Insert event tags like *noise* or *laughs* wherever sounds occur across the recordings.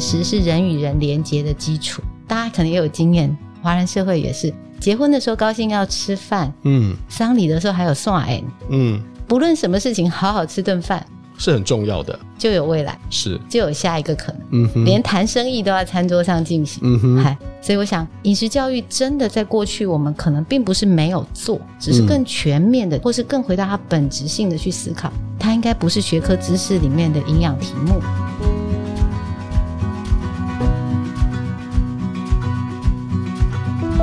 飲食是人與人連結的基礎，大家可能也有經驗，華人社會也是，結婚的時候高興要吃飯，嗯，喪禮的時候還有送宴，嗯，不論什麼事情，好好吃頓飯是很重要的，就有未來，是就有下一個可能，嗯哼，連談生意都要在餐桌上進行，嗯哼，嗨，所以我想飲食教育真的在過去，我們可能並不是沒有做，只是更全面的，嗯、或是更回到它本質性的去思考，它應該不是學科知識裡面的營養題目。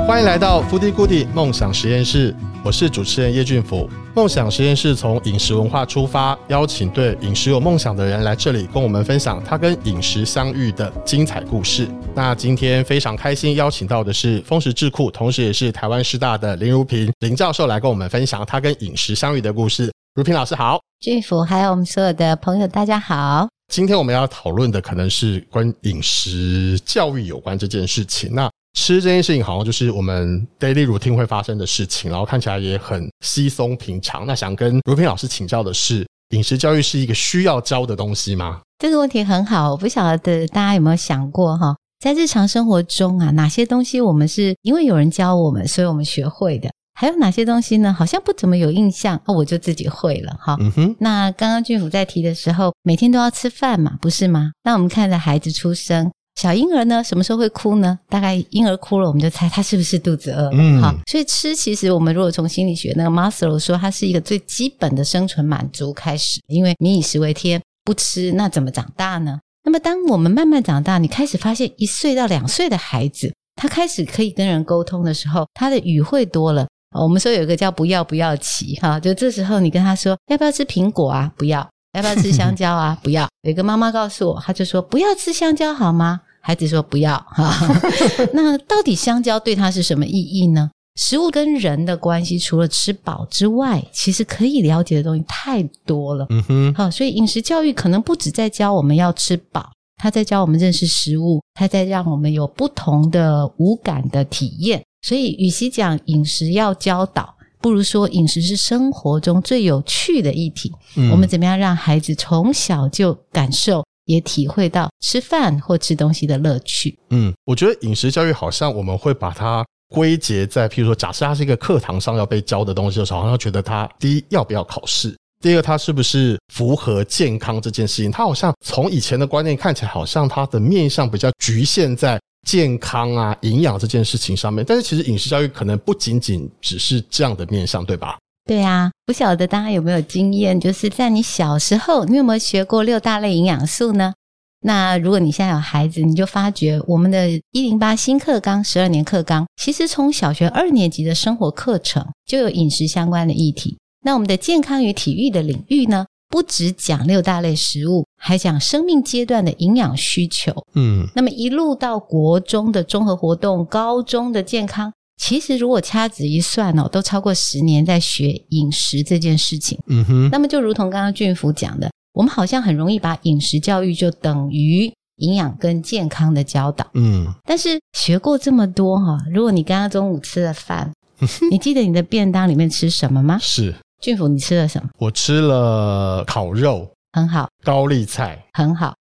歡迎來到 Foodie Goodie 夢想食驗室，我是主持人葉俊福。夢想食驗室從飲食文化出發，邀請對飲食有夢想的人來這裡，跟我們分享他跟飲食相遇的精彩故事。那今天非常開心，邀請到的是灃食智庫，同時也是台灣師大的林如萍林教授來跟我們分享他跟飲食相遇的故事。如萍老師好，俊福還有我們所有的朋友，大家好。今天我們要討論的可能是跟飲食教育有關這件事情、啊。那吃這件事情好像就是我們 daily routine 會發生的事情，然後看起來也很稀鬆平常。那想跟如萍老師請教的是，飲食教育是一個需要教的東西嗎？這個問題很好，我不曉得大家有沒有想過哈，在日常生活中啊，哪些東西我們是因為有人教我們，所以我們學會的？還有哪些東西呢？好像不怎麼有印象，那我就自己會了哈。嗯哼。那剛剛俊甫在提的時候，每天都要吃飯嘛，不是嗎？那我們看着孩子出生。小嬰兒呢，什麼時候會哭呢？大概嬰兒哭了，我們就猜他是不是肚子餓。嗯，好，所以吃其實我們如果從心理學那個 Maslow 說，它是一個最基本的生存滿足開始，因為民以食為天，不吃那怎麼長大呢？那麼當我們慢慢長大，你開始發現一歲到兩歲的孩子，他開始可以跟人溝通的時候，他的語彙多了。我們說有一個叫不要不要期哈，就這時候你跟他說要不要吃蘋果啊？不要，要不要吃香蕉啊？不要。 *laughs* 有一個媽媽告訴我，她就說不要吃香蕉好嗎？孩子說不要哈， *laughs* *laughs* 那到底香蕉對他是什麼意義呢？食物跟人的關係，除了吃飽之外，其實可以了解的東西太多了。嗯哼，好，所以飲食教育可能不止在教我們要吃飽，它在教我們認識食物，它在讓我們有不同的五感的體驗。所以，與其講飲食要教導，不如說飲食是生活中最有趣的議題、嗯、我們怎麼樣讓孩子從小就感受？也體會到吃飯或吃東西的樂趣。嗯，我覺得飲食教育好像我們會把它歸結在，譬如說，假設它是一個課堂上要被教的東西的時候，好像覺得它第一要不要考試，第二它是不是符合健康這件事情。它好像從以前的觀念看起來，好像它的面向比較局限在健康啊、營養這件事情上面。但是其實飲食教育可能不僅僅只是這樣的面向，對吧？對啊，不曉得大家有沒有經驗，就是在你小時候，你有沒有學過六大類營養素呢？那如果你現在有孩子，你就發覺我們的一零八新課綱、十二年課綱，其實從小學二年級的生活課程就有飲食相關的議題。那我們的健康與體育的領域呢，不只講六大類食物，還講生命階段的營養需求。嗯，那麼一路到國中的綜合活動，高中的健康。其實，如果掐指一算哦，都超過十年在學飲食這件事情。嗯哼。那麼，就如同剛剛俊福講的，我們好像很容易把飲食教育就等於營養跟健康的教導。嗯。但是學過這麼多哈、哦，如果你剛剛中午吃了飯，呵呵，你記得你的便當裡面吃什麼嗎？是。俊福，你吃了什麼？我吃了烤肉，很好。高麗菜，很好。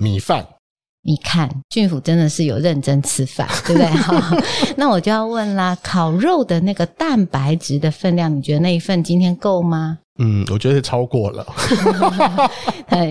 米飯。你看，俊府真的是有認真吃飯，對不對？ *laughs* 那我就要問啦，烤肉的那個蛋白質的分量，你覺得那一份今天夠嗎？嗯，我覺得是超過了。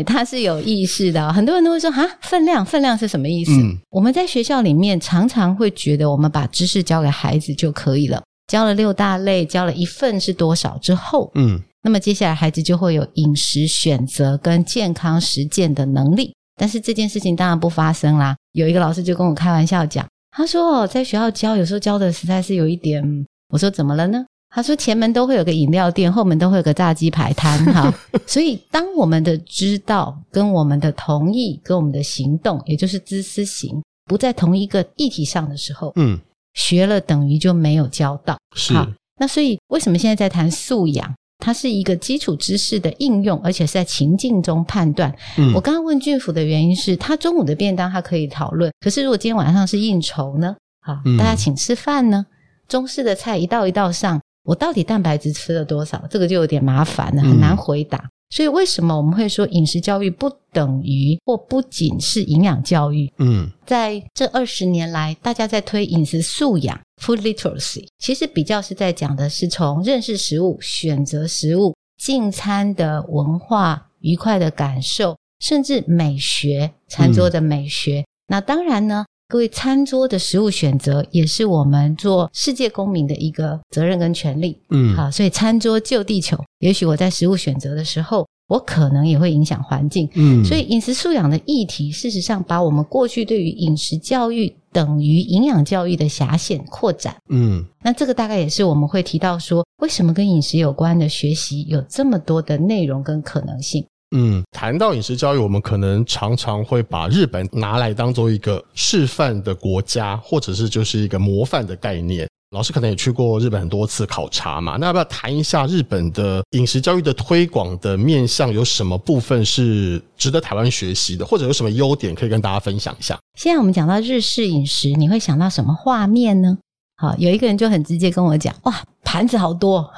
他 *laughs* *laughs* 是有意識的、喔。很多人都會說啊，分量，分量是什麼意思？嗯、我們在學校裡面常常會覺得，我們把知識教給孩子就可以了，教了六大類，教了一份是多少之後，嗯，那麼接下來孩子就會有飲食選擇跟健康實踐的能力。但是這件事情當然不發生啦。有一個老師就跟我開玩笑講，他說：“哦，在學校教，有時候教的實在是有一點。”我說：“怎麼了呢？”他說：“前門都會有個飲料店，後門都會有個炸雞排攤。”哈， *laughs* 所以當我們的知道跟我們的同意跟我們的行動，也就是知思行，不在同一個議題上的時候，嗯，學了等於就沒有教到。是好，那所以為什麼現在在談素養？它是一個基礎知識的應用，而且是在情境中判斷。嗯、我剛剛問俊甫的原因是，他中午的便當他可以討論，可是如果今天晚上是應酬呢？好嗯、大家請吃飯呢？中式的菜一道一道上，我到底蛋白質吃了多少？這個就有點麻煩了，很難回答。嗯所以，為什麼我們會說飲食教育不等於或不僅是營養教育？嗯，在這二十年來，大家在推飲食素養 （food literacy），其實比較是在講的是從認識食物、選擇食物、進餐的文化、愉快的感受，甚至美學、餐桌的美學。嗯，那當然呢。各位，餐桌的食物選擇也是我們做世界公民的一個責任跟權利，嗯，好、啊，所以餐桌救地球。也許我在食物選擇的時候，我可能也會影響環境，嗯，所以飲食素養的議題，事實上把我們過去對於飲食教育等於營養教育的狹想擴展，嗯，那這個大概也是我們會提到說，為什麼跟飲食有關的學習有這麼多的內容跟可能性。嗯，談到飲食教育，我們可能常常會把日本拿來當做一個示範的國家，或者是就是一個模範的概念。老師可能也去過日本很多次考察嘛，那要不要談一下日本的飲食教育的推廣的面向，有什麼部分是值得台灣學習的，或者有什麼優點可以跟大家分享一下？現在我們講到日式飲食，你會想到什麼畫面呢？好，有一個人就很直接跟我講：哇，盤子好多，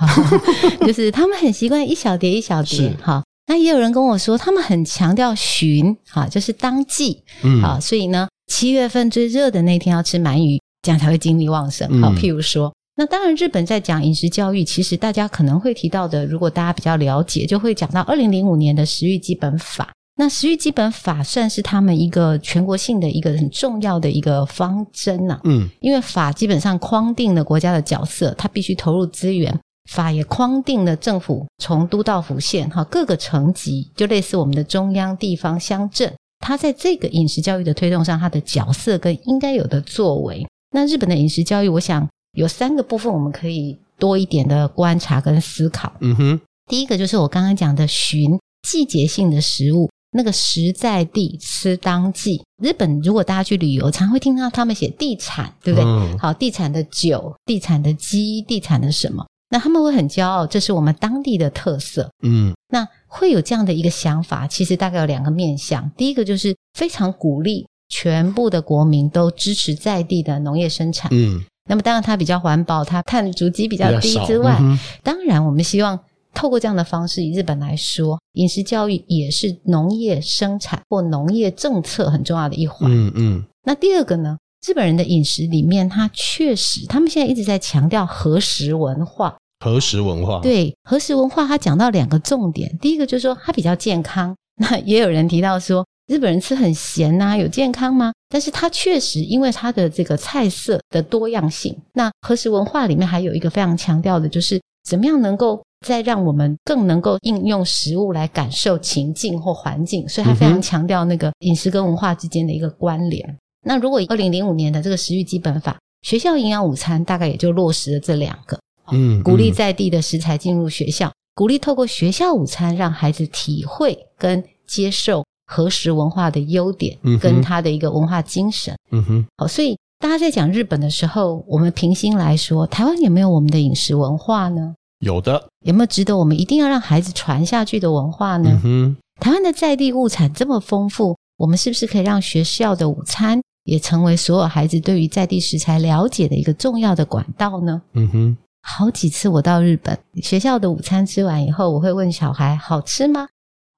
*laughs* *laughs* 就是他們很習慣一小碟一小碟，是好。那也有人跟我說，他們很強調旬，啊，就是當季，啊，嗯、所以呢，七月份最熱的那天要吃鰻魚，這樣才會精力旺盛。好，嗯、譬如說，那當然日本在講飲食教育，其實大家可能會提到的，如果大家比較了解，就會講到二零零五年的《食育基本法》，那《食育基本法》算是他們一個全國性的一個很重要的一個方針吶、啊。嗯，因為法基本上框定了國家的角色，它必須投入資源。法也框定了政府從都到府縣哈各個層級，就類似我們的中央、地方、鄉鎮，它在這個飲食教育的推動上，它的角色跟應該有的作為。那日本的飲食教育，我想有三個部分，我們可以多一點的觀察跟思考。嗯哼，第一個就是我剛剛講的尋季節性的食物，那個食在地吃當季。日本如果大家去旅遊，常會聽到他們寫地產，對不對？嗯、好，地產的酒，地產的雞，地產的什麼？那他們會很驕傲，這是我們當地的特色。嗯，那會有這樣的一個想法，其實大概有兩個面向。第一個就是非常鼓勵全部的國民都支持在地的農業生產。嗯，那麼當然它比較環保，它碳足跡比較低之外，嗯、當然我們希望透過這樣的方式，以日本來說，飲食教育也是農業生產或農業政策很重要的一環。嗯嗯，嗯那第二個呢，日本人的飲食裡面，他確實他們現在一直在強調和食文化。和食文化。對，和食文化，對。文化它講到兩個重點，第一個就是說它比較健康。那也有人提到說，日本人吃很鹹吶、啊，有健康嗎？但是它確實因為它的這個菜色的多樣性。那和食文化裡面還有一個非常強調的，就是怎麼樣能夠再讓我們更能夠應用食物來感受情境或環境。所以，它非常強調那個飲食跟文化之間的一個關聯。嗯、哼那如果二零零五年的這個《食育基本法》，學校營養午餐大概也就落實了這兩個。嗯，鼓勵在地的食材進入學校，嗯嗯，鼓勵透過學校午餐讓孩子體會跟接受和食文化的優點，跟他的一個文化精神。嗯哼，好，所以大家在講日本的時候，我們平心來說，台灣有沒有我們的飲食文化呢？有的，有沒有值得我們一定要讓孩子傳下去的文化呢？嗯哼。台灣的在地物產這麼豐富，我們是不是可以讓學校的午餐也成為所有孩子對於在地食材了解的一個重要的管道呢？嗯哼。好幾次我到日本，學校的午餐吃完以後，我會問小孩好吃嗎？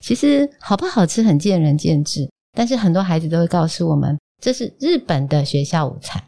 其實好不好吃很見仁見智，但是很多孩子都會告訴我們，這是日本的學校午餐。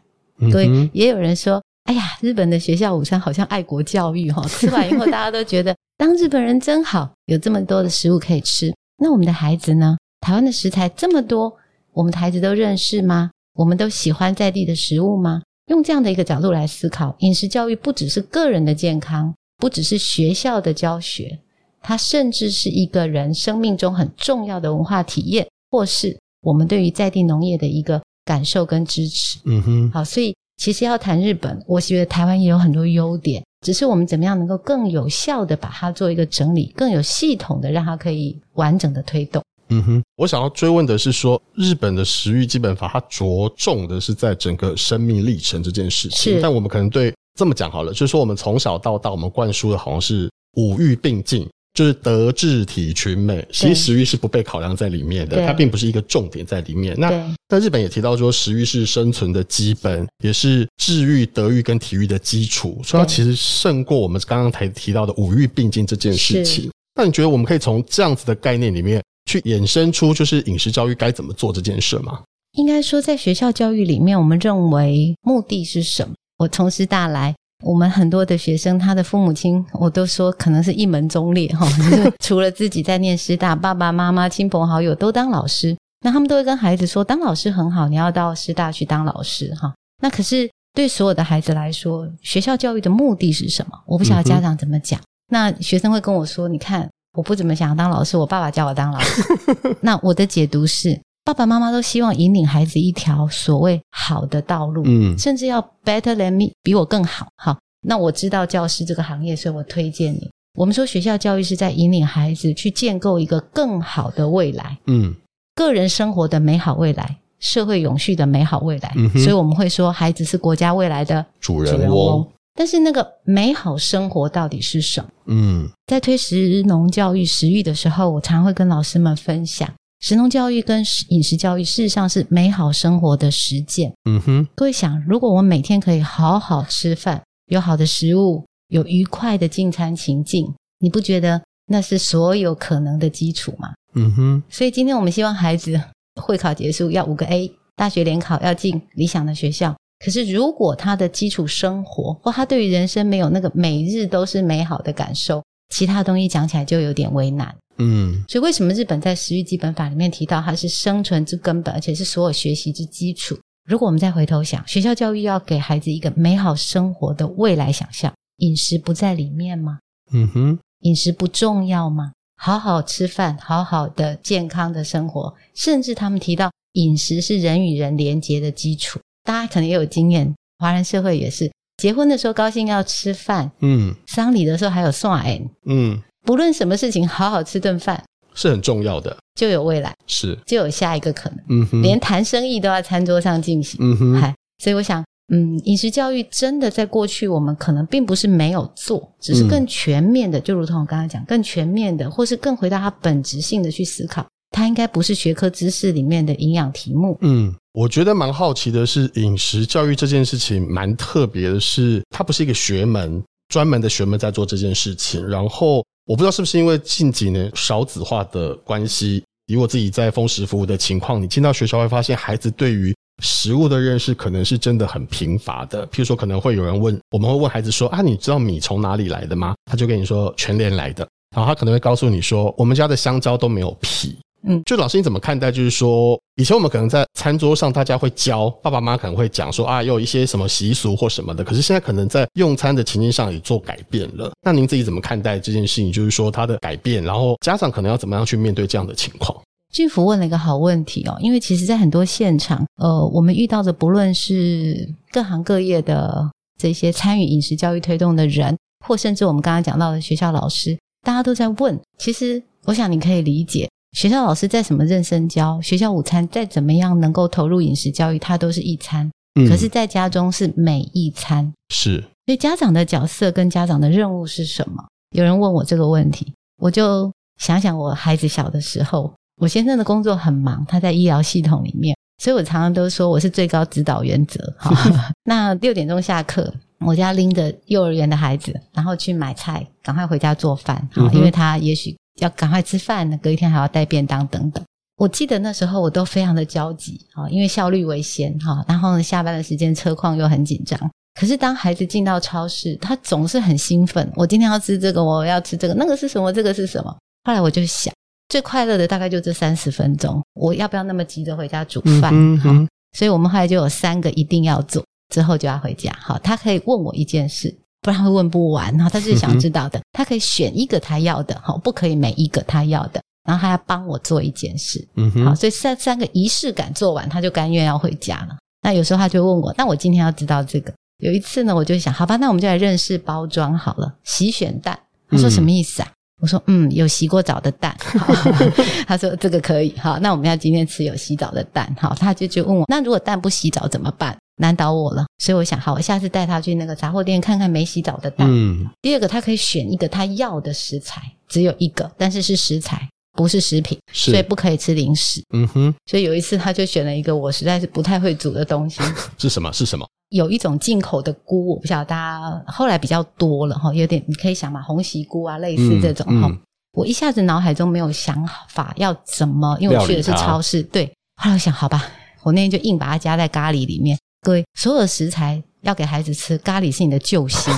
對、嗯哼，也有人說，哎呀，日本的學校午餐好像愛國教育哦，吃完以後大家都覺得 *laughs* 當日本人真好，有這麼多的食物可以吃。那我們的孩子呢？台灣的食材這麼多，我們的孩子都認識嗎？我們都喜歡在地的食物嗎？用這樣的一個角度來思考，飲食教育不只是個人的健康，不只是學校的教學，它甚至是一個人生命中很重要的文化體驗，或是我們對於在地農業的一個感受跟支持。嗯哼，好，所以其實要談日本，我覺得台灣也有很多優點，只是我們怎麼樣能夠更有效的把它做一個整理，更有系統的讓它可以完整的推動。嗯哼，我想要追問的是說，說日本的食育基本法，它着重的是在整個生命歷程這件事情。是但我們可能對這麼講好了，就是說我們從小到大，我們灌輸的好像是五育並進，就是德智體群美，其實食育是不被考量在裡面的，對它並不是一個重點在裡面。對那在對日本也提到說，食育是生存的基本，也是智育、德育跟體育的基礎，對所以它其實勝過我們剛剛才提到的五育並進這件事情。那是你覺得我們可以從這樣子的概念裡面？去衍生出就是飲食教育該怎麼做這件事嗎？應該說，在學校教育裡面，我們認為目的是什麼？我從師大來，我們很多的學生，他的父母親，我都說可能是一門忠烈哈，哦就是、除了自己在念師大， *laughs* 爸爸媽媽、親朋好友都當老師，那他們都會跟孩子說，當老師很好，你要到師大去當老師哈、哦。那可是對所有的孩子來說，學校教育的目的是什麼？我不曉得家長怎麼講，嗯、哼那學生會跟我說，你看。我不怎麼想當老師，我爸爸叫我當老師。 *laughs* 那我的解讀是，爸爸媽媽都希望引領孩子一條所謂好的道路，嗯，甚至要 better than me 比我更好。好，那我知道教師這個行業，所以我推薦你。我們說學校教育是在引領孩子去建構一個更好的未來，嗯，個人生活的美好未來，社會永續的美好未來。嗯、哼所以我們會說，孩子是國家未來的主人翁、哦。但是那個美好生活到底是什麼？嗯，在推食農教育、食育的時候，我常會跟老師們分享，食農教育跟飲食教育事實上是美好生活的實踐。嗯哼，各位想，如果我每天可以好好吃飯，有好的食物，有愉快的進餐情境，你不覺得那是所有可能的基礎嗎？嗯哼，所以今天我們希望孩子會考結束要五個 A，大學聯考要進理想的學校。可是，如果他的基礎生活或他對於人生沒有那個每日都是美好的感受，其他東西講起來就有點為難。嗯，所以為什麼日本在《食育基本法》裡面提到它是生存之根本，而且是所有學習之基礎？如果我們再回頭想，學校教育要給孩子一個美好生活的未來想象，飲食不在裡面嗎？嗯哼，飲食不重要嗎？好好吃飯，好好的健康的生活，甚至他們提到飲食是人與人連結的基礎。大家可能也有經驗，華人社會也是，結婚的時候高興要吃飯，嗯，喪禮的時候還有送晚嗯，不論什麼事情，好好吃頓飯是很重要的，就有未來，是就有下一個可能，嗯哼，連談生意都要餐桌上進行，嗯哼，嗨、嗯。所以我想，嗯，飲食教育真的在過去，我們可能並不是沒有做，只是更全面的，就如同我剛才講，更全面的，或是更回到它本質性的去思考。它應該不是學科知識裡面的營養題目。嗯，我覺得蠻好奇的是，飲食教育這件事情蠻特別的是，是它不是一個學門，專門的學門在做這件事情。然後我不知道是不是因為近幾年少子化的關係，以我自己在灃食服務的情況，你進到學校會發現，孩子對於食物的認識可能是真的很貧乏的。譬如說，可能會有人問，我們會問孩子說：“啊，你知道米從哪裡來的嗎？”他就跟你說“全聯來的”，然後他可能會告訴你說：“我們家的香蕉都沒有皮。”嗯，就老師，你怎麼看待？就是說，以前我們可能在餐桌上，大家會教，爸爸媽可能會講說啊，有一些什麼習俗或什麼的。可是現在可能在用餐的情境上也做改變了。那您自己怎麼看待這件事情？就是說，它的改變，然後家長可能要怎麼樣去面對這樣的情況？俊福問了一個好問題哦，因為其實在很多現場，呃，我們遇到的不論是各行各業的這些參與飲食教育推動的人，或甚至我們剛剛講到的學校老師，大家都在問。其實，我想你可以理解。學校老師再怎麼認真教？學校午餐再怎麼樣能夠投入飲食教育？它都是一餐，嗯、可是，在家中是每一餐。是。所以家長的角色跟家長的任務是什麼？有人問我這個問題，我就想想我孩子小的時候，我先生的工作很忙，他在醫療系統裡面，所以我常常都說我是最高指導原則。哈， *laughs* 那六點鐘下課，我家拎着幼兒園的孩子，然後去買菜，趕快回家做飯，嗯、哼因為他也許。要趕快吃飯，隔一天還要帶便當等等。我記得那時候我都非常的焦急，因為效率為先哈。然後下班的時間車況又很緊張，可是當孩子進到超市，他總是很興奮。我今天要吃這個，我要吃這個，那個是什麼？這個是什麼？後來我就想，最快樂的大概就這三十分鐘，我要不要那麼急着回家煮飯？好、嗯嗯，所以我們後來就有三個一定要做，之後就要回家。好，他可以問我一件事。不然會問不完，然後他是想知道的，嗯、哼他可以選一個他要的哈，不可以每一個他要的，然後他要幫我做一件事，嗯、哼好，所以三三個儀式感做完，他就甘願要回家了。那有時候他就問我，那我今天要知道這個。有一次呢，我就想，好吧，那我們就來認識包裝好了，洗選蛋，他說什麼意思啊？嗯、我說，嗯，有洗過澡的蛋。 *laughs* 他說這個可以哈，那我們要今天吃有洗澡的蛋哈，他就就問我，那如果蛋不洗澡怎麼辦？難倒我了，所以我想，好，我下次帶他去那個雜貨店看看沒洗澡的蛋。嗯。第二個，他可以選一個他要的食材，只有一個，但是是食材，不是食品，是所以不可以吃零食。嗯哼。所以有一次，他就選了一個我實在是不太會煮的東西。是什麼？是什麼？有一種進口的菇，我不曉得大、啊、家後來比較多了哈，有點你可以想嘛，鴻喜菇啊，類似這種哈。嗯嗯、我一下子腦海中沒有想法要怎麼，因為我去的是超市，啊、對。後來我想，好吧，我那天就硬把它加在咖喱裡面。各位，所有的食材要給孩子吃，咖喱是你的救星，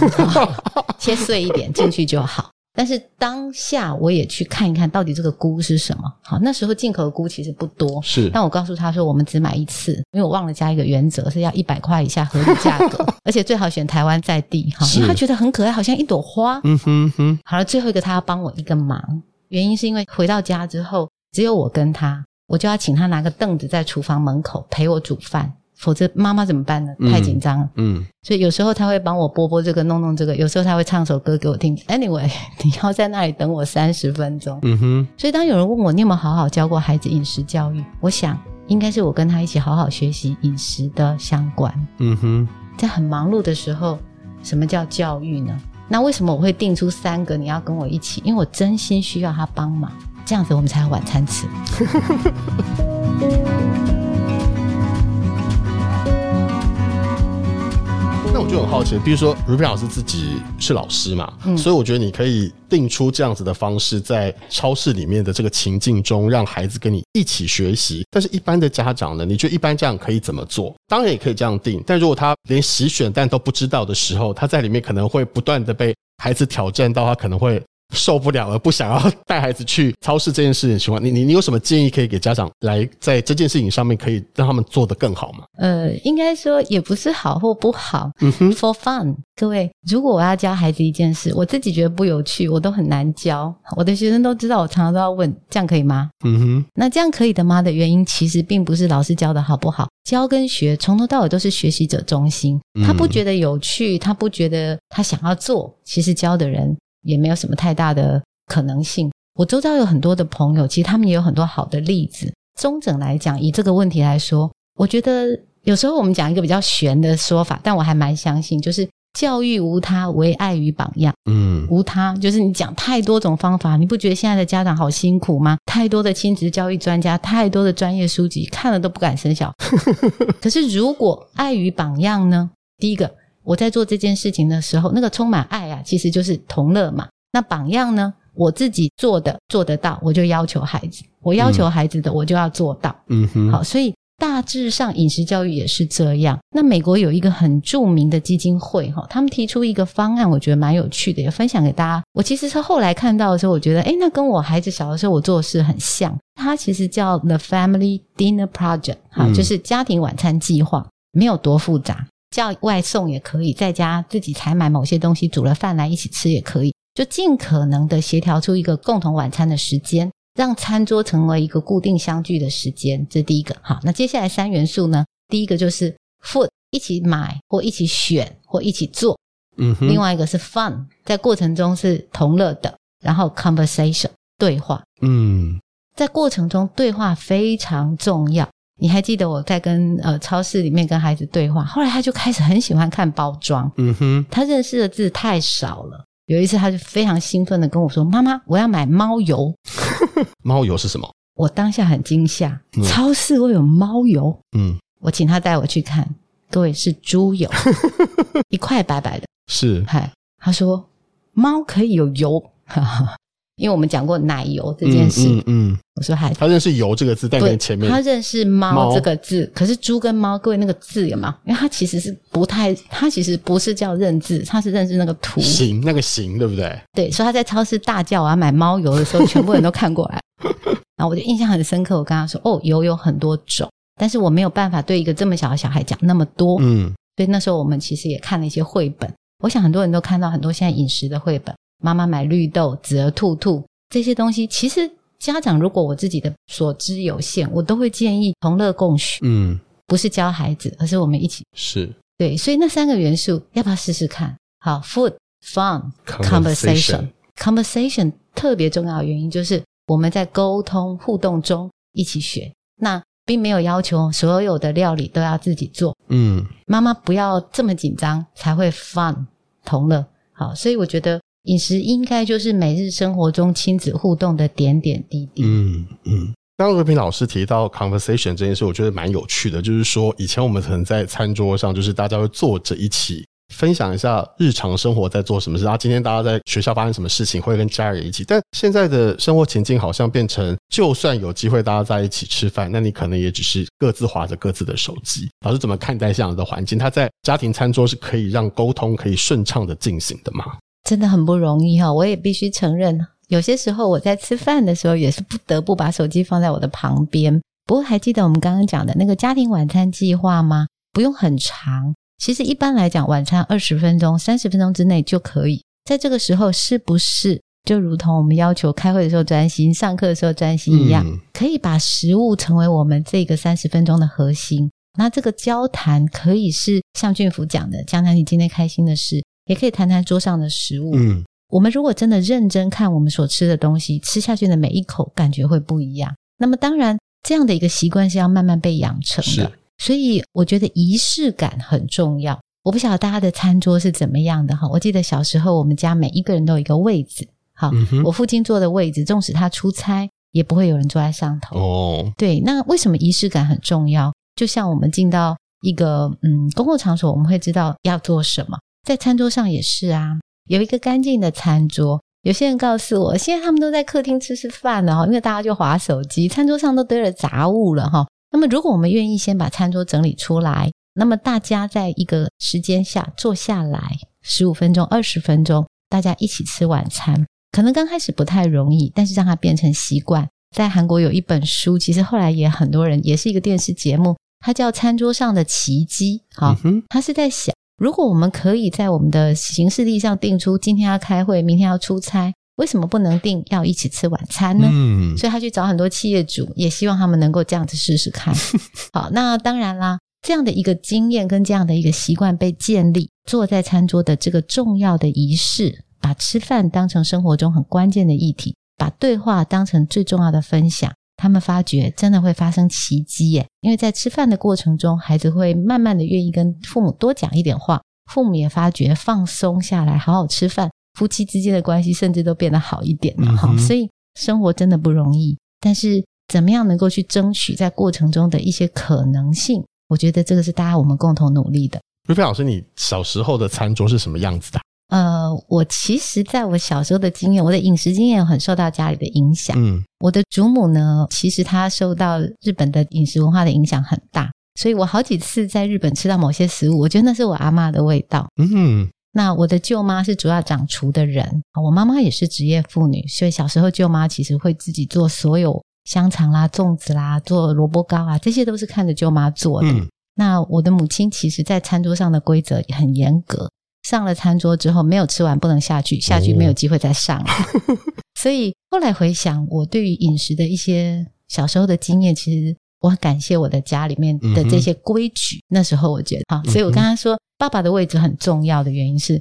*laughs* 切碎一點進去就好。但是當下我也去看一看到底這個菇是什麼。好，那時候進口的菇其實不多，是。但我告訴他說，我們只買一次，因為我忘了加一個原則，是要一百塊以下合理價格， *laughs* 而且最好選台灣在地。哈，是因為他覺得很可愛，好像一朵花。嗯哼嗯哼。好了，最後一個他要幫我一個忙，原因是因為回到家之後只有我跟他，我就要請他拿個凳子在廚房門口陪我煮飯。否則媽媽怎麼辦呢？太緊張了。嗯。嗯，所以有時候他會幫我播播這個，弄弄這個。有時候他會唱首歌給我聽。Anyway，你要在那裡等我三十分鐘。嗯哼。所以當有人問我，你有沒有好好教過孩子飲食教育，我想應該是我跟他一起好好學習飲食的相關。嗯哼。在很忙碌的時候，什麼叫教育呢？那為什麼我會定出三個你要跟我一起？因為我真心需要他幫忙，這樣子我們才有晚餐吃。 *laughs* 我就很好奇，比如說如 u 老師自己是老師嘛，嗯、所以我覺得你可以定出這樣子的方式，在超市裡面的這個情境中，讓孩子跟你一起學習。但是，一般的家長呢，你覺得一般這樣可以怎麼做？當然也可以這樣定，但如果他連洗選蛋都不知道的時候，他在裡面可能會不斷的被孩子挑戰到，他可能會。受不了了，不想要帶孩子去超市這件事情的情況，你你你有什麼建議可以給家長來在這件事情上面，可以讓他們做得更好嗎？呃，應該說也不是好或不好。嗯哼，for fun，各位，如果我要教孩子一件事，我自己覺得不有趣，我都很難教。我的學生都知道，我常常都要問：這樣可以嗎？嗯哼。那這樣可以的嗎？的原因其實並不是老師教的好不好，教跟學從頭到尾都是學習者中心。他不覺得有趣，他不覺得他想要做，其實教的人。也沒有什麼太大的可能性。我周遭有很多的朋友，其實他們也有很多好的例子。中整，來講，以這個問題來說，我覺得有時候我們講一個比較玄的說法，但我還蠻相信，就是教育無他，唯愛與榜樣。嗯，無他，就是你講太多種方法，你不覺得現在的家長好辛苦嗎？太多的親子教育專家，太多的專業書籍，看了都不敢生小孩 *laughs* 可是如果愛與榜樣呢？第一個。我在做這件事情的時候，那個充滿愛啊，其實就是同樂嘛。那榜樣呢，我自己做的做得到，我就要求孩子，我要求孩子的，嗯、我就要做到。嗯哼。好，所以大致上飲食教育也是這樣。那美國有一個很著名的基金會哈，他們提出一個方案，我覺得蠻有趣的，也分享給大家。我其實是後來看到的時候，我覺得哎、欸，那跟我孩子小的時候我做事很像。它其實叫 The Family Dinner Project，哈，就是家庭晚餐計劃，沒有多複雜。嗯叫外送也可以，在家自己採買某些東西煮了飯來一起吃也可以，就盡可能的協調出一個共同晚餐的時間，讓餐桌成為一個固定相聚的時間。這是第一個。好，那接下來三元素呢？第一個就是 food，一起買或一起選或一起做。嗯哼。另外一個是 fun，在過程中是同樂的，然後 conversation 對話。嗯，在過程中對話非常重要。你還記得我在跟呃超市裡面跟孩子對話，後來他就開始很喜歡看包裝。嗯哼，他認識的字太少了。有一次他就非常興奮的跟我說：“媽媽，我要買貓油。 *laughs* ”貓油是什麼？我當下很驚嚇，嗯、超市會有貓油？嗯，我請他帶我去看，對，是豬油， *laughs* 一塊白白的。是，嗨，他說貓可以有油。 *laughs* 因為我們講過奶油這件事，嗯嗯，嗯嗯我說還是他認識油這個字，但在前面，他認識貓這個字，貓可是豬跟貓，各位那個字有嗎？因為他其實是不太，他其實不是叫認字，他是認識那個圖形，那個形，對不對？對，所以他在超市大叫我、啊、要買貓油的時候，全部人都看過來， *laughs* 然後我就印象很深刻。我跟他說，哦，油有，有很多種，但是我沒有辦法對一個這麼小的小孩講那麼多。嗯，所以那時候我們其實也看了一些繪本，我想很多人都看到很多現在飲食的繪本。媽媽買綠豆、紫兒兔兔這些東西，其實家長如果我自己的所知有限，我都會建議同樂共學，嗯，不是教孩子，而是我們一起。是，對。所以那三個元素要不要試試看？好，food、fun、conversation。conversation 特別重要的原因就是我們在溝通互動中一起學，那並沒有要求所有的料理都要自己做。嗯，媽媽不要這麼緊張，才會 fun 同樂。好，所以我覺得。飲食應該就是每日生活中親子互動的點點滴滴。嗯嗯，剛、嗯、剛如萍老師提到 conversation 這件事，我覺得蠻有趣的。就是說，以前我們可能在餐桌上，就是大家會坐着一起分享一下日常生活在做什麼事，啊，今天大家在學校發生什麼事情，會跟家人一起。但現在的生活情境好像變成，就算有機會大家在一起吃飯，那你可能也只是各自滑着各自的手機。老師怎麼看待這樣的環境？他在家庭餐桌是可以讓溝通可以順暢的進行的嗎？真的很不容易哈、哦！我也必須承認，有些時候我在吃飯的時候也是不得不把手機放在我的旁邊。不過還記得我們剛剛講的那個家庭晚餐計劃嗎？不用很長，其實一般來講，晚餐二十分鐘、三十分鐘之內就可以。在這個時候，是不是就如同我們要求開會的時候專心、上課的時候專心一樣，可以把食物成為我們這個三十分鐘的核心？嗯、那這個交談可以是像俊福講的，講講你今天開心的事。也可以談談桌上的食物。嗯，我們如果真的認真看我們所吃的東西，吃下去的每一口感覺會不一樣。那麼，當然這樣的一個習慣是要慢慢被養成的。是所以，我覺得儀式感很重要。我不曉得大家的餐桌是怎麼樣的哈。我記得小時候，我們家每一個人都有一個位置。哈，嗯、哼我父親坐的位置，縱使他出差，也不會有人坐在上頭。哦，對。那為什麼儀式感很重要？就像我們進到一個嗯公共場所，我們會知道要做什麼。在餐桌上也是啊，有一個乾淨的餐桌。有些人告訴我，現在他們都在客廳吃吃飯了哈，因為大家就滑手機，餐桌上都堆了雜物了哈。那麼，如果我們願意先把餐桌整理出來，那麼大家在一個時間下坐下來，十五分鐘、二十分鐘，大家一起吃晚餐，可能剛開始不太容易，但是讓它變成習慣。在韓國有一本書，其實後來也很多人，也是一個電視節目，它叫《餐桌上的奇蹟》哈，他是在想。如果我們可以在我們的行事曆上定出今天要開會，明天要出差，為什麼不能定要一起吃晚餐呢？嗯。所以，他去找很多企業主，也希望他們能夠這樣子試試看。 *laughs* 好，那當然啦，這樣的一個經驗跟這樣的一個習慣被建立，坐在餐桌的這個重要的儀式，把吃飯當成生活中很關鍵的議題，把對話當成最重要的分享。他們發覺真的會發生奇蹟耶，因為在吃飯的過程中，孩子會慢慢的願意跟父母多講一點話，父母也發覺放鬆下來，好好吃飯，夫妻之間的關係甚至都變得好一點了哈、嗯哼。所以生活真的不容易，但是怎麼樣能夠去爭取在過程中的一些可能性？我覺得這個是大家我們共同努力的。瑞菲老師，你小時候的餐桌是什麼樣子的？呃，我其實，在我小時候的經驗，我的飲食經驗很受到家裡的影響。嗯，我的祖母呢，其實她受到日本的飲食文化的影響很大，所以我好幾次在日本吃到某些食物，我覺得那是我阿嬤的味道。嗯，嗯，那我的舅媽是主要掌廚的人，我媽媽也是職業婦女，所以小時候舅媽其實會自己做所有香腸啦、粽子啦、做蘿蔔糕啊，這些都是看着舅媽做的。嗯，那我的母親其實，在餐桌上的規則也很嚴格。上了餐桌之後沒有吃完不能下去，下去沒有機會再上了。哦、 *laughs* 所以後來回想，我對於飲食的一些小時候的經驗，其實我很感謝我的家裡面的這些規矩。嗯、哼那時候我覺得，啊，所以我跟他說，嗯、哼爸爸的位置很重要的原因是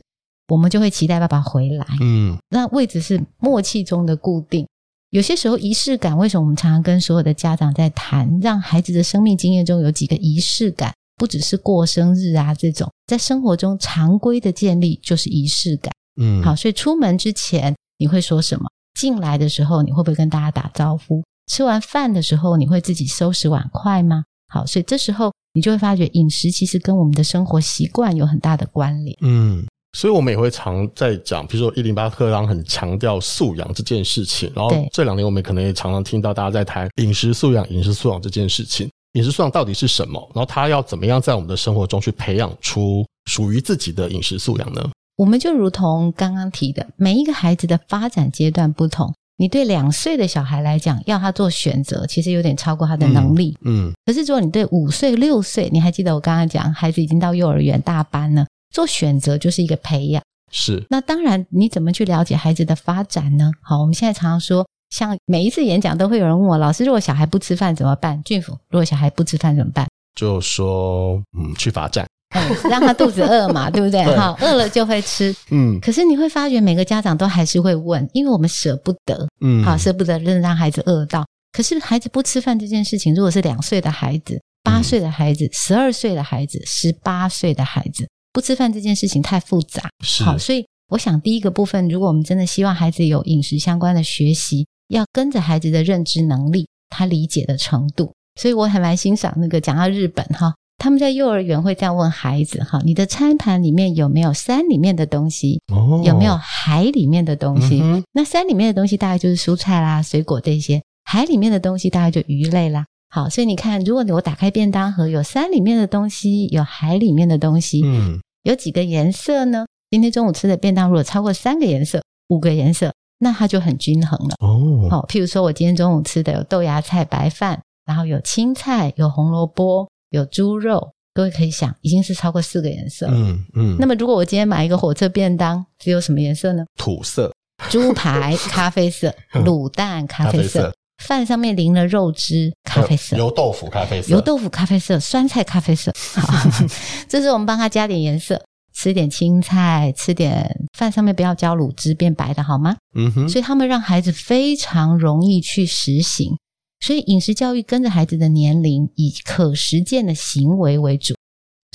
我們就會期待爸爸回來。嗯，那位置是默契中的固定。有些時候儀式感，為什麼我們常常跟所有的家長在談，讓孩子的生命經驗中有幾個儀式感？不只是過生日啊，這種在生活中常規的建立就是儀式感。嗯，好，所以出門之前你會說什麼？進來的時候你會不會跟大家打招呼？吃完飯的時候你會自己收拾碗筷嗎？好，所以這時候你就會發覺飲食其實跟我們的生活習慣有很大的關聯。嗯，所以我們也會常在講，比如說一零八課綱很強調素養這件事情，然後這兩年我們可能也常常聽到大家在談飲食素養、飲食素養這件事情。飲食素養到底是什麼？然後他要怎麼樣在我們的生活中去培養出屬於自己的飲食素養呢？我們就如同剛剛提的，每一個孩子的發展階段不同，你對兩歲的小孩來講，要他做選擇，其實有點超過他的能力。嗯。嗯，可是如果你對五歲、六歲，你還記得我剛剛講，孩子已經到幼兒園大班了，做選擇就是一個培養。是。那當然，你怎麼去了解孩子的發展呢？好，我們現在常常說。像每一次演講都會有人問我，老師，如果小孩不吃飯怎麼辦？俊甫，如果小孩不吃飯怎麼辦？就說，嗯，去罰站、 *laughs* 嗯，讓他肚子餓嘛，對不對？對，好，餓了就會吃。嗯，可是你會發覺每個家長都還是會問，因為我們捨不得，嗯，好，捨不得讓讓孩子餓到。可是孩子不吃飯這件事情，如果是兩歲的孩子、八歲的孩子、十二、嗯、歲的孩子、十八歲的孩子不吃飯這件事情太複雜，是好，所以我想第一個部分，如果我們真的希望孩子有飲食相關的學習。要跟着孩子的認知能力，他理解的程度，所以我還蠻欣賞那個講到日本哈，他們在幼兒園會這樣問孩子哈：你的餐盤裡面有沒有山裡面的東西？哦、有沒有海裡面的東西？嗯、哼那山裡面的東西大概就是蔬菜啦、水果這些；海裡面的東西大概就魚類啦。好，所以你看，如果你我打開便當盒，有山裡面的東西，有海裡面的東西，嗯，有幾個顏色呢？今天中午吃的便當，如果超過三個顏色、五個顏色。那它就很均衡了哦。好，譬如說，我今天中午吃的有豆芽菜、白飯，然後有青菜、有紅蘿蔔、有豬肉，都可以想，已經是超過四個顏色。嗯嗯。嗯，那麼，如果我今天買一個火車便當，只有什麼顏色呢？土色、豬排咖啡色、 *laughs* 滷蛋咖啡色、飯上面淋了肉汁咖啡色、油豆腐咖啡色、油豆腐咖啡色、油豆腐咖啡色、酸菜咖啡色，好。 *laughs* 這是我們幫他加點顏色。吃點青菜，吃點飯上面不要澆滷汁變白的好嗎？嗯哼。所以他們讓孩子非常容易去實行，所以飲食教育跟着孩子的年齡，以可實踐的行為為主。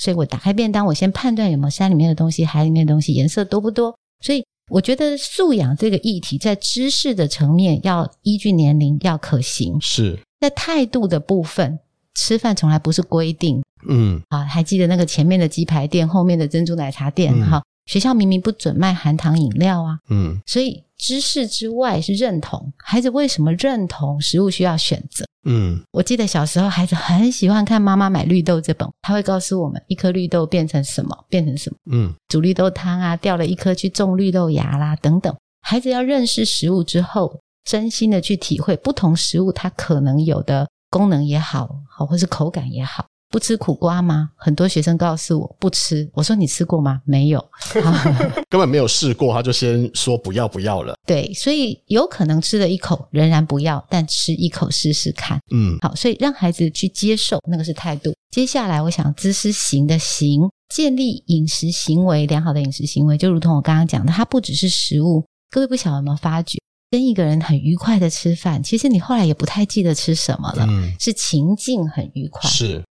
所以我打開便當，我先判斷有沒有山裡面的東西、海裡面的東西，顏色多不多。所以我覺得素養這個議題，在知識的層面要依據年齡要可行，是。在態度的部分。吃飯從來不是規定，嗯啊，還記得那個前面的雞排店，後面的珍珠奶茶店哈、嗯啊。學校明明不准賣含糖飲料啊，嗯，所以知識之外是認同。孩子為什麼認同食物需要選擇？嗯，我記得小時候孩子很喜歡看媽媽買綠豆這本，她會告訴我們一顆綠豆變成什麼，變成什麼，嗯，煮綠豆湯啊，掉了一顆去種綠豆芽啦，等等。孩子要認識食物之後，真心的去體會不同食物它可能有的功能也好好，或是口感也好，不吃苦瓜嗎？很多學生告訴我不吃，我說你吃過嗎？沒有， *laughs* 根本沒有試過，他就先說不要不要了。對，所以有可能吃了一口仍然不要，但吃一口試試看。嗯，好，所以讓孩子去接受那個是態度。接下來我想知識行的行，建立飲食行為，良好的飲食行為，就如同我剛剛講的，它不只是食物。各位不曉得有沒有發覺？跟一個人很愉快的吃飯，其實你後來也不太記得吃什麼了，嗯、是情境很愉快。是，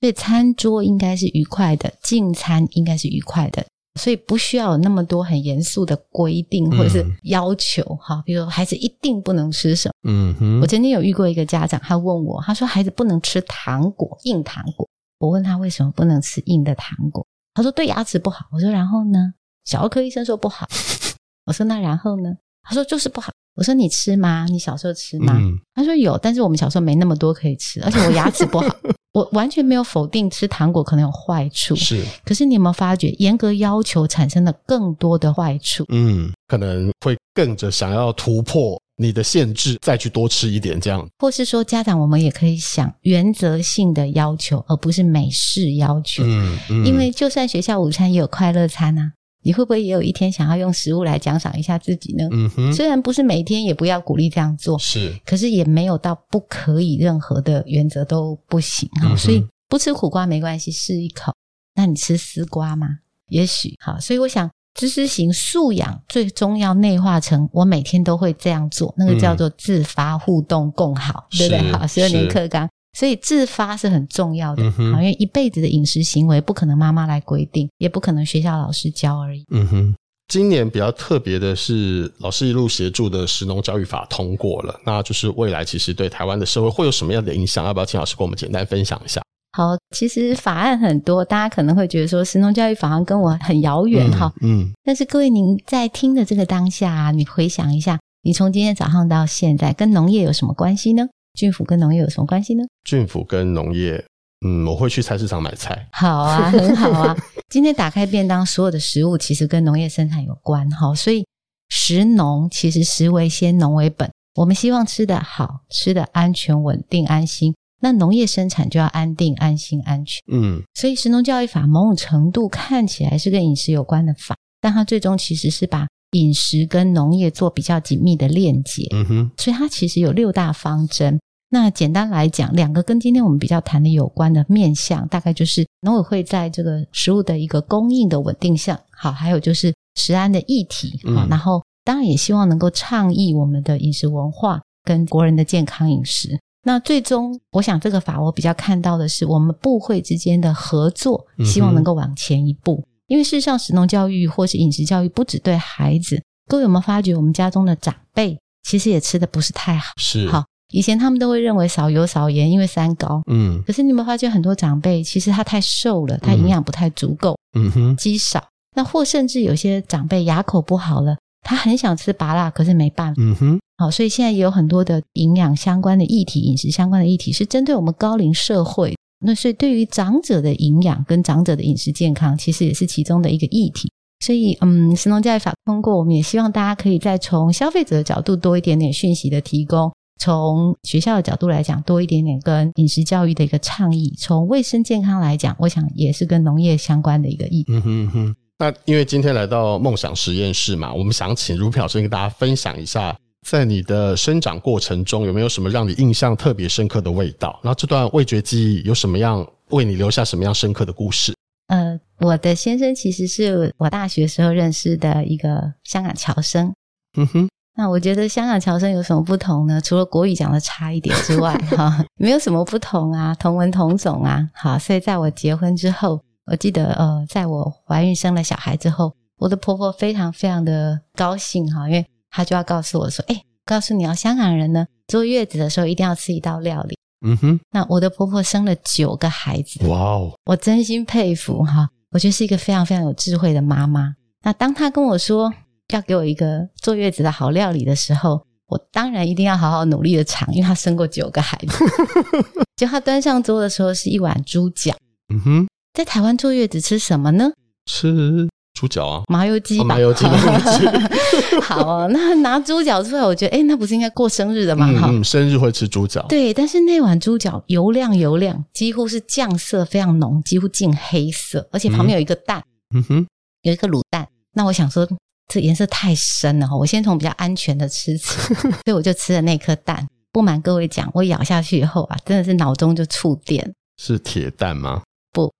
所以餐桌應該是愉快的，進餐應該是愉快的，所以不需要有那麼多很嚴肅的規定或者是要求。哈、嗯，比如說孩子一定不能吃什麼？嗯哼。我曾經有遇過一個家長，他問我，他說孩子不能吃糖果，硬糖果。我問他為什麼不能吃硬的糖果，他說對牙齒不好。我說然後呢？小兒科醫生說不好。 *laughs* 我說那然後呢？他說就是不好。我說，你吃嗎？你小時候吃嗎？嗯，他說有，但是我們小時候沒那麼多可以吃，而且我牙齒不好， *laughs* 我完全沒有否定吃糖果可能有壞處。是，可是你有沒有發覺，嚴格要求產生了更多的壞處？嗯，可能會更着想要突破你的限制，再去多吃一點這樣，或是說家長我們也可以想原則性的要求，而不是美式要求。嗯，嗯，因為就算學校午餐也有快樂餐啊。你會不會也有一天想要用食物來獎賞一下自己呢？嗯哼，雖然不是每一天，也不要鼓勵這樣做。是，可是也沒有到不可以任何的原則都不行哈。嗯、哼所以不吃苦瓜沒關係，試一口。那你吃絲瓜嗎？也許好，所以我想，知識型素養最終要內化成我每天都會這樣做，那個叫做自發互動共好，嗯、對不對？是好，十二年課綱。所以自發是很重要的，嗯、哼因為一輩子的飲食行為不可能媽媽來規定，也不可能學校老師教而已。嗯哼，今年比較特別的是，老師一路協助的《食農教育法》通過了，那就是未來其實對台灣的社會會有什麼樣的影響？要不要請老師跟我們簡單分享一下？好，其實法案很多，大家可能會覺得說《食農教育法案》跟我很遙遠哈。嗯，好嗯，但是各位您在聽的這個當下、啊，你回想一下，你從今天早上到現在跟農業有什麼關係呢？郡府跟農業有什麼關係呢？郡府跟農業，嗯，我會去菜市場買菜，好啊，很好啊。 *laughs* 今天打開便當，所有的食物其實跟農業生產有關，哈，所以食農其實食為先，農為本。我們希望吃得好，吃得安全、穩定、安心。那農業生產就要安定、安心、安全。嗯，所以食農教育法某種程度看起來是跟飲食有關的法，但它最終其實是把飲食跟農業做比較緊密的鏈接。嗯哼，所以它其實有六大方針。那簡單來講，兩個跟今天我們比較談的有關的面向，大概就是農委會在這個食物的一個供應的穩定性，好，還有就是食安的議題，好、嗯，然後當然也希望能夠倡議我們的飲食文化跟國人的健康飲食。那最終，我想這個法我比較看到的是，我們部會之間的合作，希望能夠往前一步，嗯、哼因為事實上食農教育或是飲食教育，不只對孩子，各位有沒有發覺，我們家中的長輩其實也吃得不是太好，是好。以前他們都會認為少油少鹽，因為三高。嗯，可是你有沒有發現很多長輩其實他太瘦了，他營養不太足夠。嗯，嗯哼，肌少，那或甚至有些長輩牙口不好了，他很想吃麻辣，可是沒辦法。嗯哼，好，所以現在也有很多的營養相關的議題，飲食相關的議題是針對我們高齡社會的。那所以對於長者的營養跟長者的飲食健康，其實也是其中的一個議題。所以，嗯，食農教育法通過，我們也希望大家可以再從消費者的角度多一點點訊息的提供。從學校的角度來講，多一點點跟飲食教育的一個倡議；從衛生健康來講，我想也是跟農業相關的一個意義。嗯哼嗯哼。那因為今天來到夢想實驗室嘛，我們想請如萍老師跟大家分享一下，在你的生長過程中有沒有什麼讓你印象特別深刻的味道？然後這段味覺記憶有什麼樣為你留下什麼樣深刻的故事？呃，我的先生其實是我大學時候認識的一個香港僑生。嗯哼。那我覺得香港僑生有什麼不同呢？除了國語講的差一點之外，哈， *laughs* 沒有什麼不同啊，同文同種啊。好，所以在我結婚之後，我記得呃，在我懷孕生了小孩之後，我的婆婆非常非常的高興哈，因為她就要告訴我說，誒、欸、告訴你哦、啊，香港人呢，坐月子的時候一定要吃一道料理。嗯哼。那我的婆婆生了九個孩子，哇哦，我真心佩服哈，我覺得是一個非常非常有智慧的媽媽。那當她跟我說，要給我一個坐月子的好料理的時候，我當然一定要好好努力的嘗，因為他生過九個孩子。 *laughs* 就他端上桌的時候是一碗豬腳。嗯哼，在台灣坐月子吃什麼呢？吃豬腳啊麻、哦，麻油雞，麻油雞，麻油雞。好、哦，那拿豬腳出來，我覺得，誒、欸、那不是應該過生日的嗎？嗯，嗯，生日會吃豬腳。對，但是那碗豬腳油亮油亮，幾乎是醬色非常濃，幾乎近黑色，而且旁邊有一個蛋，嗯哼，有一個滷蛋。那我想說。這顏色太深了哈，我先從比較安全的吃起， *laughs* 所以我就吃了那顆蛋。不瞞各位講，我咬下去以後啊，真的是腦中就觸電。是鐵蛋嗎？不，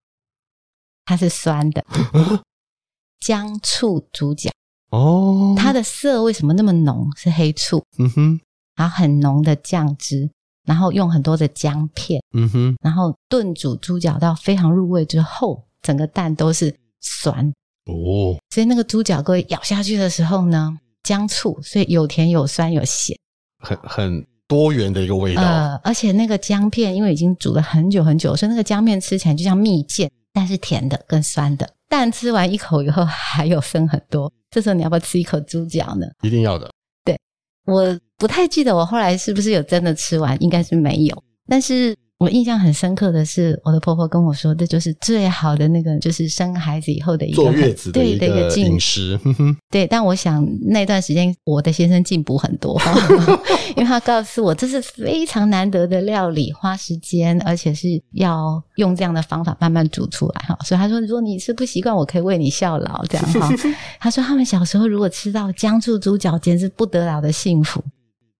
它是酸的，啊、薑醋豬腳。哦，它的色為什麼那麼濃？是黑醋。嗯哼，然後很濃的醬汁，然後用很多的薑片。嗯哼，然後燉煮豬腳到非常入味之後，整個蛋都是酸。哦，所以那個豬腳哥咬下去的時候呢，薑醋，所以有甜有酸有鹹，很很多元的一個味道。呃，而且那個薑片因為已經煮了很久很久，所以那個薑片吃起來就像蜜餞，但是甜的跟酸的，但吃完一口以後還有剩很多。這時候你要不要吃一口豬腳呢？一定要的。對，我不太記得我後來是不是有真的吃完，應該是沒有。但是。我印象很深刻的是，我的婆婆跟我說，這就是最好的那個，就是生孩子以後的一個，對的一個坐月子的一個飲食。對，但我想那段時間我的先生進步很多， *laughs* 因為他告訴我這是非常難得的料理，花時間，而且是要用這樣的方法慢慢煮出來哈。所以他說，如果你是不習慣，我可以為你效勞這樣哈。 *laughs* 他說他們小時候如果吃到薑醋豬腳，簡直是不得了的幸福。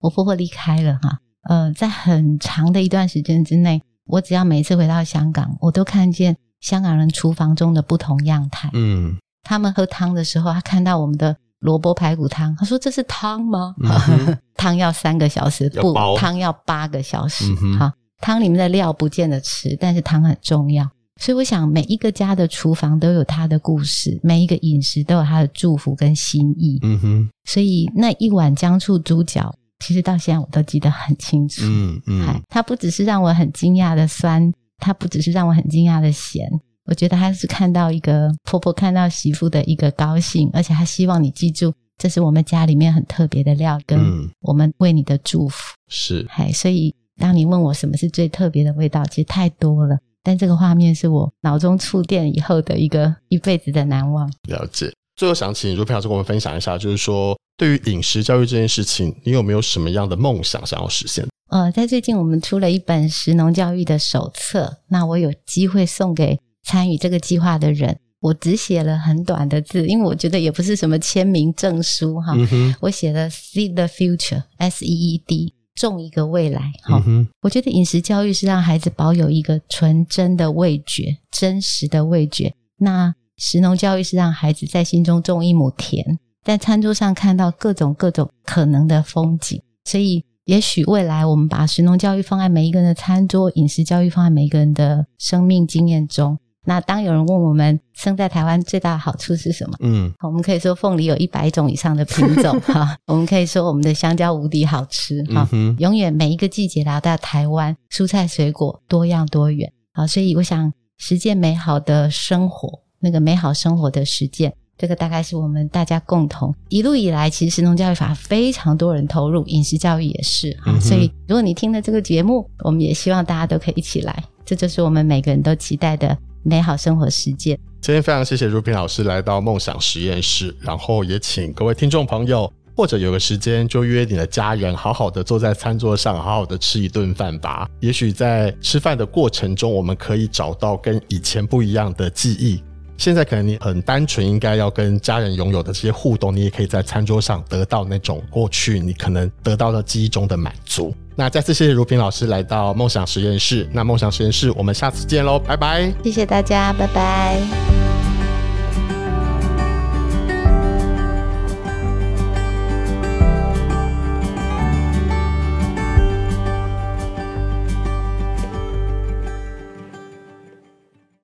我婆婆離開了哈。呃，在很長的一段時間之內，我只要每次回到香港，我都看見香港人廚房中的不同樣態。嗯，他們喝湯的時候，他看到我們的蘿蔔排骨湯，他說：“這是湯嗎？嗯、哼 *laughs* 湯要三個小時，不，要包湯要八個小時。哈、嗯哼，湯裡面的料不見得吃，但是湯很重要。所以，我想每一個家的廚房都有它的故事，每一個飲食都有它的祝福跟心意。嗯哼，所以那一碗薑醋豬腳。其實到現在我都記得很清楚。嗯嗯，嗯它不只是讓我很驚訝的酸，它不只是讓我很驚訝的鹹。我覺得他是看到一個婆婆看到媳婦的一個高興，而且他希望你記住，這是我們家裡面很特別的料，跟我們為你的祝福。是、嗯，嗨、嗯，所以當你問我什麼是最特別的味道，其實太多了。但這個畫面是我腦中觸電以後的一個一輩子的難忘。了解。最後想請如萍老師跟我們分享一下，就是說對於飲食教育這件事情，你有沒有什麼樣的夢想想要實現？呃，在最近我們出了一本食農教育的手冊，那我有機會送給參與這個計劃的人，我只寫了很短的字，因為我覺得也不是什麼簽名證書哈。齁嗯、哼我寫了 “see the future”，S E E D，種一個未來。哈，嗯、哼我覺得飲食教育是讓孩子保有一個純真的味覺，真實的味覺。那食農教育是讓孩子在心中種一畝田，在餐桌上看到各種各種可能的風景，所以也許未來我們把食農教育放在每一個人的餐桌，飲食教育放在每一個人的生命經驗中。那當有人問我們生在台灣最大的好處是什麼？嗯，我們可以說鳳梨有一百種以上的品種哈， *laughs* 我們可以說我們的香蕉無敵好吃哈，嗯、哼永遠每一個季節來到台灣，蔬菜水果多樣多元。好，所以我想實踐美好的生活。那個美好生活的實踐，這個大概是我們大家共同一路以來，其實食農教育法非常多人投入，飲食教育也是，嗯、哼所以，如果你聽了這個節目，我們也希望大家都可以一起來，這就是我們每個人都期待的美好生活實踐。今天非常謝謝如萍老師來到夢想實驗室，然後也請各位聽眾朋友，或者有個時間就約你的家人，好好的坐在餐桌上，好好的吃一頓飯吧。也許在吃飯的過程中，我們可以找到跟以前不一樣的記憶。現在可能你很單純，應該要跟家人擁有的這些互動，你也可以在餐桌上得到那種過去你可能得到的記憶中的滿足。那再次謝謝如萍老師來到夢想食驗室，那夢想食驗室我們下次見嘍，拜拜！謝謝大家，拜拜。